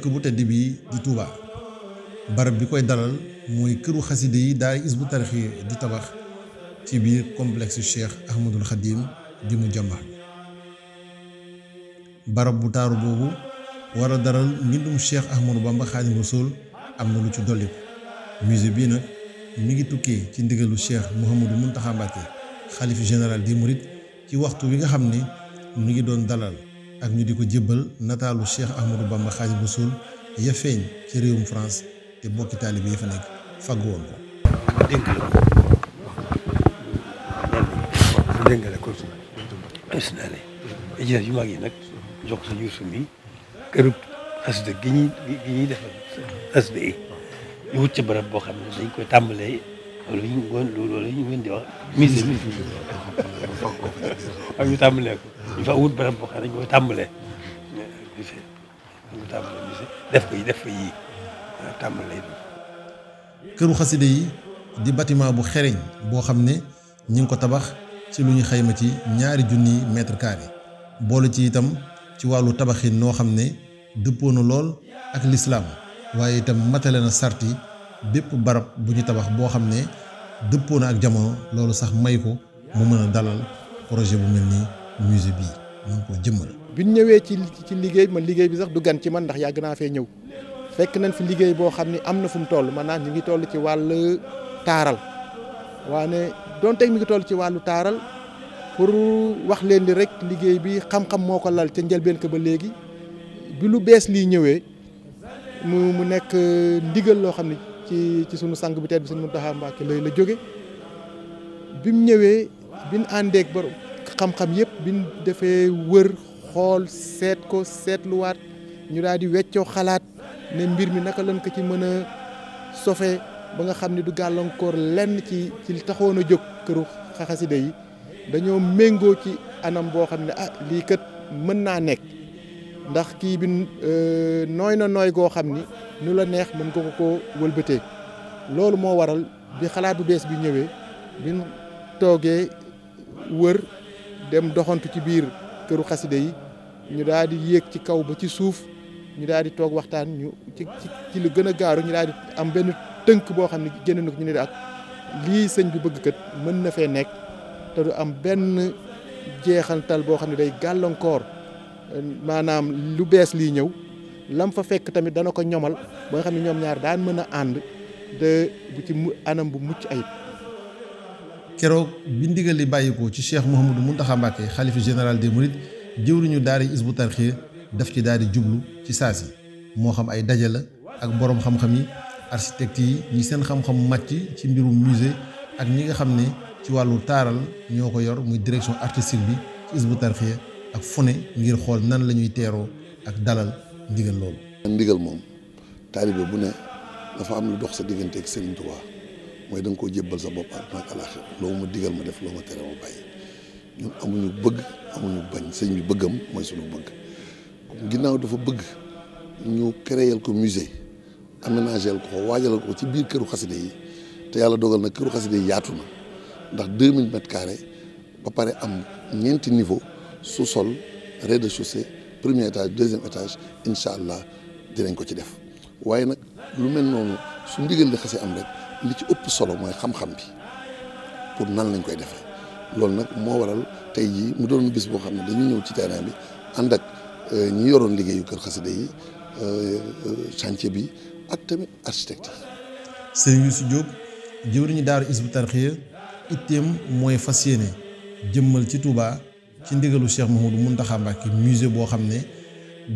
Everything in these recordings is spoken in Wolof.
dëkk bu bi di Touba barab bi koy dalal mooy këru xaside yi daay isbu di tabax ci biir complexe Cheikh Ahmadul Xadim di mu jàmbaar barab bu taaru boobu war a daral mbindum Cheikh Ahmadou Bamba Xaadimu Rasuul am na lu ci dolli musée bii nag mu ngi tukkee ci ndigalu Cheikh Mouhamadou Mountakha Mbacké xalif général di murit ci waxtu wi nga xam ni mu ngi doon dalal ak ñu di ko jébbal nataalu Cheikh Ahmadou Bamba Xaadimu Rasuul ya feeñ ci réewum France te bokki taalibe yi nekk fagg woon ko dénk la ko dénk la ko isnaale ijaas yu gi ñuy gi ñuy defal xasida ñu wut barab boo xam ne dañ koy tàmbalee loolu ñu loolu la ñu dañ koy tàmbalee mise ñu këru xaside yi di bâtiment bu xereñ boo xam ne ñi ngi ko tabax ci lu ñu xayma ci ñaari junni mètre carré boole ci itam ci wàllu tabaxin noo xam ne dëppoo na lool ak lislaam waaye itam matale na sarti bépp barab bu ñu tabax boo xam ne dëppoo na ak jamono loolu sax may ko mu mën a dalal projet bu mel ni musée bii mën koo jëmmal. bi ñëwee ci ci liggéey man liggéey bi sax du gan ci man ndax yàgg naa fee ñëw fekk nañ fi liggéey boo xam ne am na fu mu toll maanaam ñu ngi toll ci wàll taaral waane donte mi ngi toll ci wàllu taaral pour wax leen di rek liggéey bi xam-xam moo ko lal ca njëlbeen ko ba léegi bi lu bees lii ñëwee mu mu nekk euh, ndigal loo xam ne ci sunu sang bi teet bi sëñ Muntaxa Mbàkke lay la jóge bi mu ñëwee biñ àndeek borom xam-xam yëpp biñ defee wër xool seet ko seetluwaat ñu daal di weccoo xalaat ne mbir mi naka lañ ko ci mën a sofe ba nga xam ne du gàllankoor lenn ci ci li taxoon a jóg këru xaxaside yi dañoo méngoo ci anam boo xam ne ah lii kat mën naa nekk ndax kii bi euh, nooy na nooy goo xam ni nu la neex mën ko ko wëlbatee loolu moo waral bi xalaat bu bees bi ñëwee bi ñu toogee wër dem doxantu ci biir këru xaside yi ñu daal di yéeg ci kaw ba ci suuf ñu daal di toog waxtaan ñu ci ci lu gën a gaaru ñu daal di am benn tënk boo xam ne génn na ko ñu ne ak lii sëñ bu bëgg kat mën na fee nekk te du am benn jeexantal boo xam ne day gàllankoor. maanaam lu bees lii ñëw lam fa fekk tamit dana ko ñomal ba nga xam ne ñoom ñaar daan mën a ànd de bu ci anam bu mucc ay keroog bi ndigal li bàyyikoo ci cheikh Mouhamadou Mountakha Mbacké xalifa général des Mourides jëwriñu daara Hizbut Tarqiyyah daf ci daal di jublu ci saasi moo xam ay daje ak boroom xam-xam yi architecte yi ñi seen xam-xam màcc ci mbirum musée ak ñi nga xam ne ci wàllu taaral ñoo ko yor muy direction artistique bi ci Hizbut Tarqiyyah ak fone ngir xool nan la ñuy teeroo ak dalal ndigal loolu. ndigal moom taalibe bu ne dafa am lu dox sa diggante ak Serigne Touba mooy da koo jébbal sa bopp àdduna ak alaaxira loo ma digal ma def loo ma tere ma bàyyi amuñu bëgg amuñu bañ sëñ bi bëggam mooy suñu bëgg ginnaaw dafa bëgg ñu créer ko musée aménagé ko ko waajalal ko ci biir këru xaside yi te yàlla dogal na këru xaside yi yaatu na ndax 2000 mètres carrés ba pare am ñeenti niveau. su sol rez rez-de-chaussée premier étage deuxième étage incha allah dinañ ko ci def waaye nag lu mel noonu su ndigal di xasee am rek li ci ëpp solo mooy xam-xam bi pour nan lañ koy defee loolu nag moo waral tey jii mu doon bis boo xam ne dañu ñëw ci terrain bi ànd ak euh, ñi yoroon liggéeyu kër xasida yi euh, chantier bi ak tamit architecte yi. Serigne Youssou Diop jëwriñu daaru Hizbut Tarqiyyah mooy fas yéene jëmmal ci Touba. ci ndigalu mu Mouhamadou Mountakha Mbacké musée boo xam ne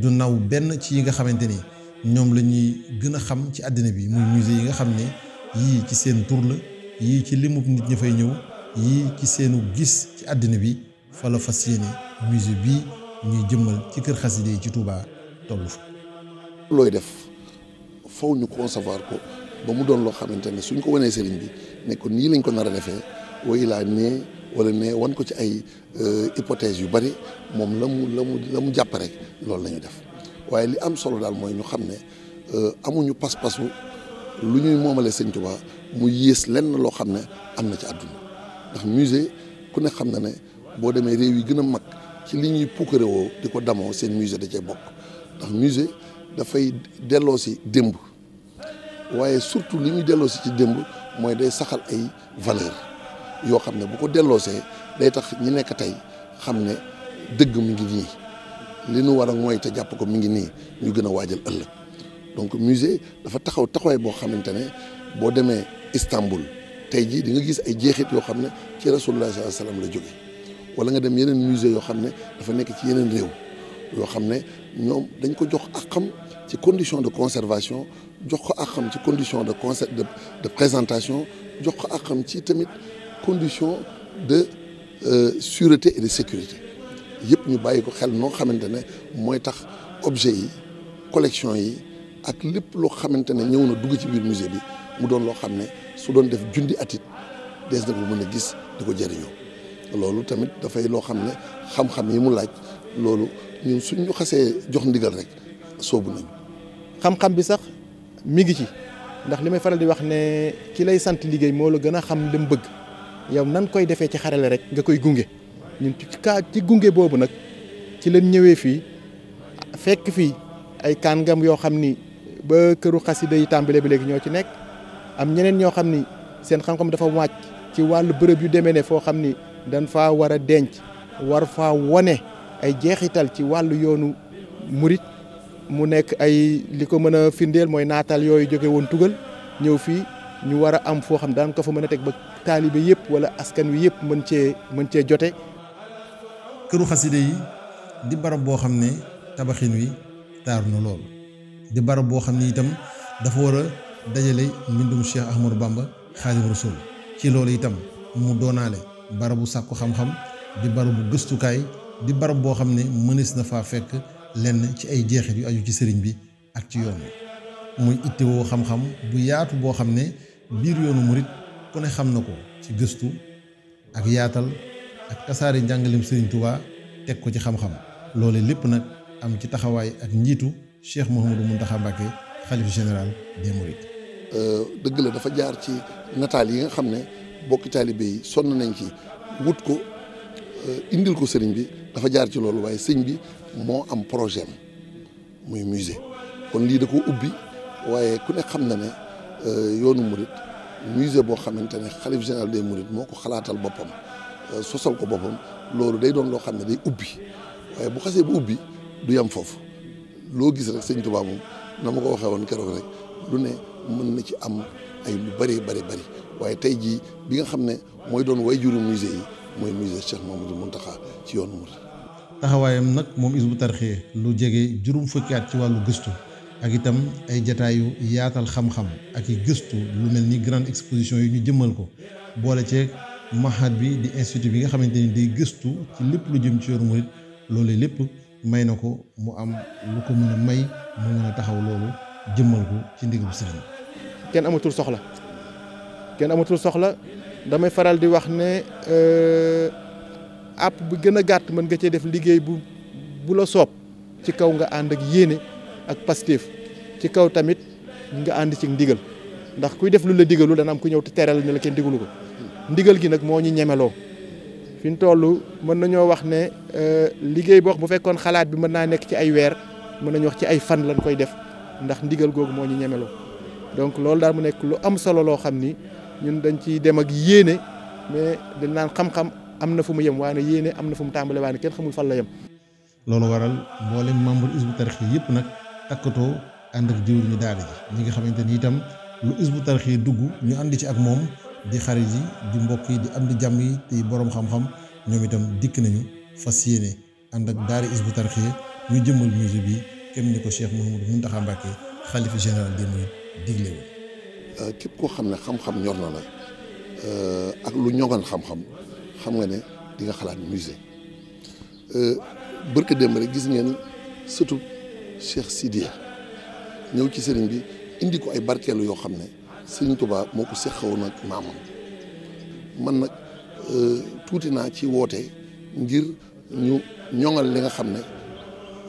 du naw benn ci yi nga xamante ni ñoom lañuy ñuy gën a xam ci àddina bi muy musée yi nga xam ne yii ci seen tur la yii ci limub nit ña fay ñëw yii ci seenu gis ci àddina bi fa la fas yéene musée bii ñuy jëmmal ci kër xaside yi ci Touba tollu fa. looy def faw ñu concevoir ko ba mu doon loo xamante ne suñ ko wanee sëriñ bi ne nii lañ ko nar a defee woy laa nee. wala mais wan ko ci ay euh, hypothèses yu bari moom la mu la mu la loolu la ñu def waaye li am solo daal mooy ñu xam ne euh, amuñu pas-pasu lu ñuy moomale Sëñ Tuubaa mu yées lenn loo xam ne am na ci àdduna ndax musée ku ne xam na ne boo demee réew yi gën a mag ci li ñuy pukkare woo di ko damoo seen musée da cee bokk ndax musée dafay delloo si démb waaye surtout li ñu delloo si ci démb mooy day saxal ay valeur yoo xam ne bu ko delloosee day tax ñi nekk tey xam ne dëgg mu ngi nii li nu war a mooy te jàpp ko mi ngi nii ñu gën a waajal ëllëg donc musée dafa taxaw taxawaay boo xamante ne boo demee Istanbul tey jii di nga gis ay jeexit yoo xam ne ci rasulullah sallallahu alayhi wasallam la jóge wala nga dem yeneen musée yoo xam ne dafa nekk ci yeneen réew yoo xam ne ñoom dañ ko jox ak xam ci condition de conservation jox ko ak xam ci condition de conse de présentation jox ko ak xam ci tamit condition de euh, sûreté et de sécurité yëpp ñu bàyyi ko xel noo xamante ne mooy tax objet yi collection yi ak lépp loo xamante ne ñëw na dugg ci biir musée bi mu doon loo xam ne su doon def jundi atit dees na ko mën a gis di ko jëriñoo loolu tamit dafay loo xam ne xam-xam yi mu laaj loolu ñun suñ ñu xasee jox ndigal rek soobu nañu. xam-xam bi sax mi ngi ci ndax li may faral di wax ne ki lay sant liggéey moo la gën a xam li mu bëgg. yow nan koy defee ci xarale rek nga koy gunge ñun ci kaa ci gunge boobu nag ci leen ñëwee fii fekk fii ay kàngam yoo xam ni ba këru xasida yi tàmbale ba léegi ñoo ci nekk am ñeneen ñoo xam ni seen xam-xam dafa wàcc ci wàllu bërëb yu demee ne foo xam ni dañ faa war a denc war faa wone ay jeexital ci wàllu yoonu murit mu nekk ay li ko mën a firndeel mooy naataal yooyu jóge woon tugal ñëw fii ñu war a am foo xam daan ko fa mën a teg ba taalibe yëpp wala askan wi yëpp mën cee mën cee jote këru xaside yi di barab boo xam ne tabaxin wi taar na lool di barab boo xam ne itam dafa war a dajale mbindum Cheikh Ahmadou Bamba Xaadimu Rasuul ci loolu itam mu doonaale barabu sàkku xam-xam di barabu gëstukaay di barab boo xam ne mënees na faa fekk lenn ci ay jeexit yu aju ci sëriñ bi ak ci yoon wi muy ittewoo xam-xam bu yaatu boo xam ne biir yoonu murit ku ne xam na ko ci gëstu ak yaatal ak tasaari njàngaleem Serigne Touba teg ko ci xam-xam loole lépp nag am ci taxawaay ak njiitu Cheikh Mouhamadou Mountakha Mbacké xalif général des mourides. Euh, dëgg la dafa jaar ci nataal yi nga xam ne bokki taalibe yi sonn nañ ci wut ko euh, indil ko sëriñ bi dafa jaar ci loolu waaye sëñ bi moo am projet muy musée kon lii da ko ubbi waaye ku ne xam na Euh, yoonu murit musée boo xamante ne xalif général des murit moo ko xalaatal boppam euh, sosal ko boppam loolu day doon loo xam ne day ubbi waaye bu xasee bu ubbi du yem foofu loo gis rek sëñ Tuubaa na ma ko waxee woon keroog rek lu ne mën na ci am ay lu bëree bëri bëri waaye tey jii bi nga xam ne mooy doon way juru musée yi mooy musée Cheikh Mamadou Mountakha ci yoonu murit taxawaayam nag moom Hizbut Tarqiyyah lu jege juróom fukki at ci wàllu gëstu ak itam ay jataayu yaatal xam-xam ak i gëstu lu mel ni grande exposition yi ñu jëmmal ko boole ceeg maxaat bi di institut bi nga xamante ni di gëstu ci lépp lu jëm ci yoonu murit loolu lépp may na ko mu am lu ko mën may mu mën taxaw loolu jëmmal ko ci ndigg ndigalu sëriñ kenn amatul soxla kenn amatul soxla damay faral di wax ne àpp euh, bu gën a gàtt mën nga cee def liggéey bu bu la soob ci kaw nga ànd ak yéene ak Pastef ci kaw tamit nga ànd ci ndigal ndax kuy def lu la digalu dana am ku ñëw tere teral ne la kenn digalu ko ndigal gi nag moo ñu ñemeloo fi ñu toll mën nañoo wax ne euh, liggéey boo bu fekkoon xalaat bi mën naa nekk ci ay weer mën nañu wax ci ay fan lañ koy def ndax ndigal googu moo ñu ñemeloo donc loolu daal mu nekk lu am solo loo xam ni ñun dañ ciy dem ak yéene mais dañ xam-xam am na fu mu yem waaye yéene am na fu mu tàmbale waaye kenn xamul fan la yem. loolu waral mboolem takkatoo ànd ak jëwriñu daara ji ñi nga xamante ni itam lu isbu tarxee dugg ñu ànd ci ak moom di xarit yi di mbokk yi di am di jàmm yi te boroom xam-xam ñoom itam dikk nañu fas yéene ànd ak daara isbu tarxee ñu jëmmal musée bi kem ni ko Cheikh Mouhamadou Mountakha Mbacké xalifa général des mourides digle wu euh, képp koo xam ne xam-xam ñor na la euh, ak lu ñoŋal xam-xam xam nga ne di xalaat musée euh, barke démb rek gis ngeen surtout Cheikh Sidiya ñëw ci sëriñ bi indi ko ay barkeelu yoo xam ne sëriñ Touba moo ko seqawoon ak maamam man nag euh, tuuti naa ci woote ngir ñu ñoŋal li nga xam ne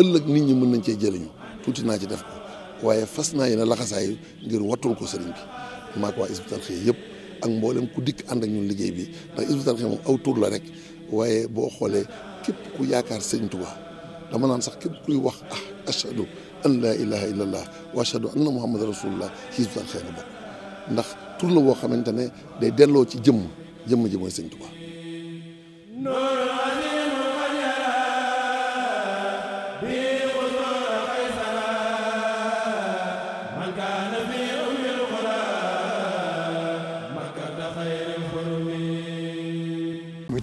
ëllëg nit ñi mën nañ cee jëriñu tuuti naa ci def ko waaye fas naa yéene laxasaayu ngir wattul ko sëriñ bi maa ko waa Hizbut Tarqiyyah yëpp ak mboolem ku dikk ànd ak ñun liggéey bi ndax Hizbut Tarqiyyah moom aw tur la rek waaye boo xoolee képp ku yaakaar sëriñ tubaa dama naan sax képp kuy wax ah ashadu an laa ilaha illa allah wa ashadu anna muhammad rasulullah xisbu xëy na bokk ndax tur la boo xamante ne day delloo ci jëmm jëmm ji mooy sëñ